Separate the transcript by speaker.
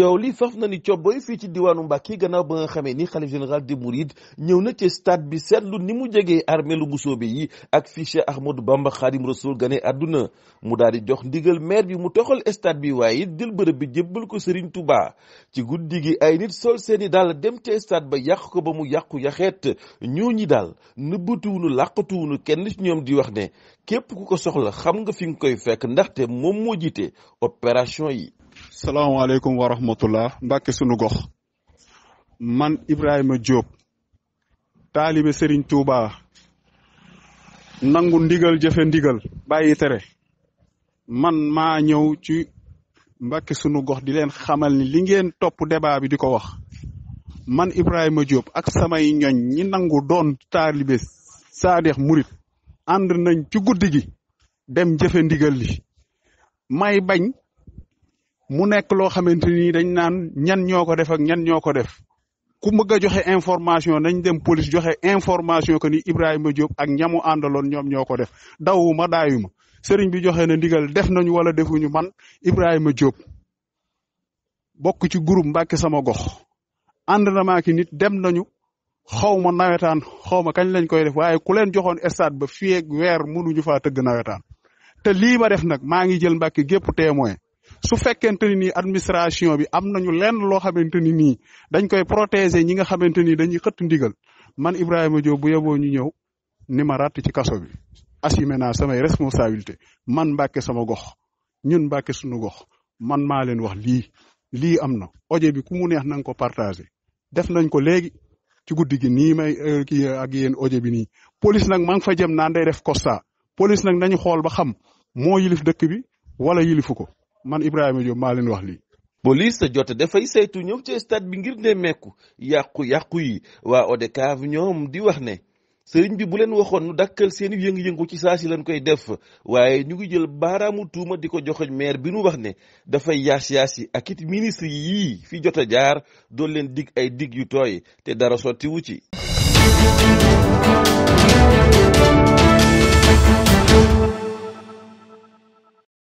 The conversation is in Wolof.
Speaker 1: coow li faf na ni cobboy fii ci diwaanu Mbàkke gannaaw ba nga xamee ni xalif général de Mouride ñëw na ci stade bi seetlu ni mu jegee armée lu Mbusoobe yi ak fii Cheikh Ahmadou Bamba Xaadim Rasul gane àdduna mu daal di jox ndigal maire bi mu toxal stade bi waaye dil bërëb bi jébbal ko Serigne Touba ci guddi gi ay nit sol seeni daal dem te stade ba yàq ko ba mu yàqu yaxeet ñoo ñi daal nëbbatuwunu làqatuwunu kenn ci ñoom di wax ne képp ku ko soxla xam nga fi nga koy fekk ndaxte moom moo jiite opération yi
Speaker 2: salaamaaleykum wa rahmatullah mbàkke sunu gox man Ibrahima Diop taalibe Serigne Touba nangu ndigal jëfe ndigal bàyyi tere man maa ñëw ci mbàkke sunu gox di leen xamal ni li ngeen topp debaa bi di ko wax man Ibrahima jóob ak samay ñoñ ñi nangu doon taalibe saadeex murit ànd nañ ci guddi gi dem jëfe ndigal li may bañ mu nekk loo xamante ni dañ naan ñan ñoo ko def ak ñan ñoo ko def ku bëgg a joxe information nañ dem police joxe information que ni Ibrahima Diop ak ñamu àndaloon ñoom ñoo ko def dawuma daayuma sëriñ bi joxe na ndigal def nañu wala defuñu man Ibrahima Diop bokk ci groupe Mbàkke sama gox ànd na maa ki nit dem nañu xaw ma nawetaan xaw ma kañ lañ koy def waaye ku leen joxoon estade ba fii ak weer mënuñu faa tëgg nawetaan te lii ma def nag maa ngi jël Mbàkke gépp témoin su fekkente nii administration bi am nañu lenn loo xamante ni nii dañ koy protéger ñi nga xamante ni dañuy xëtt ndigal man a Diop bu yeboo ñu ñëw ni ma ci kaso bi assumé naa samay responsabilité man Mbàkke sama gox ñun Mbàkke suñu gox man maa leen wax lii lii am na audio bi ku mu neex na ko partagé def nañ ko léegi ci guddi gi nii may euh, kii euh, ak yéen audio bi nii police nag maa ngi fa jëm naan day def constat police nag nañu xool ba xam moo yilif dëkk bi wala yilifu ko man Ibrahima
Speaker 1: Diop maa leen wax lii. police jot dafay saytu ñëw ci stade bi ngir nemmeeku yàqu-yàqu yi waa ODCAV ñoom di wax ne sëriñ bi bu leen waxoon nu dakkal seen yëngu-yëngu ci saa si leen koy def waaye ñu ngi jël baaraamu tuuma di ko joxoñ maire bi nu wax ne dafay yaas yaas yi ak it ministre yii fi jot a jaar doon leen dig ay digg yu tooy te dara sottiwu ci.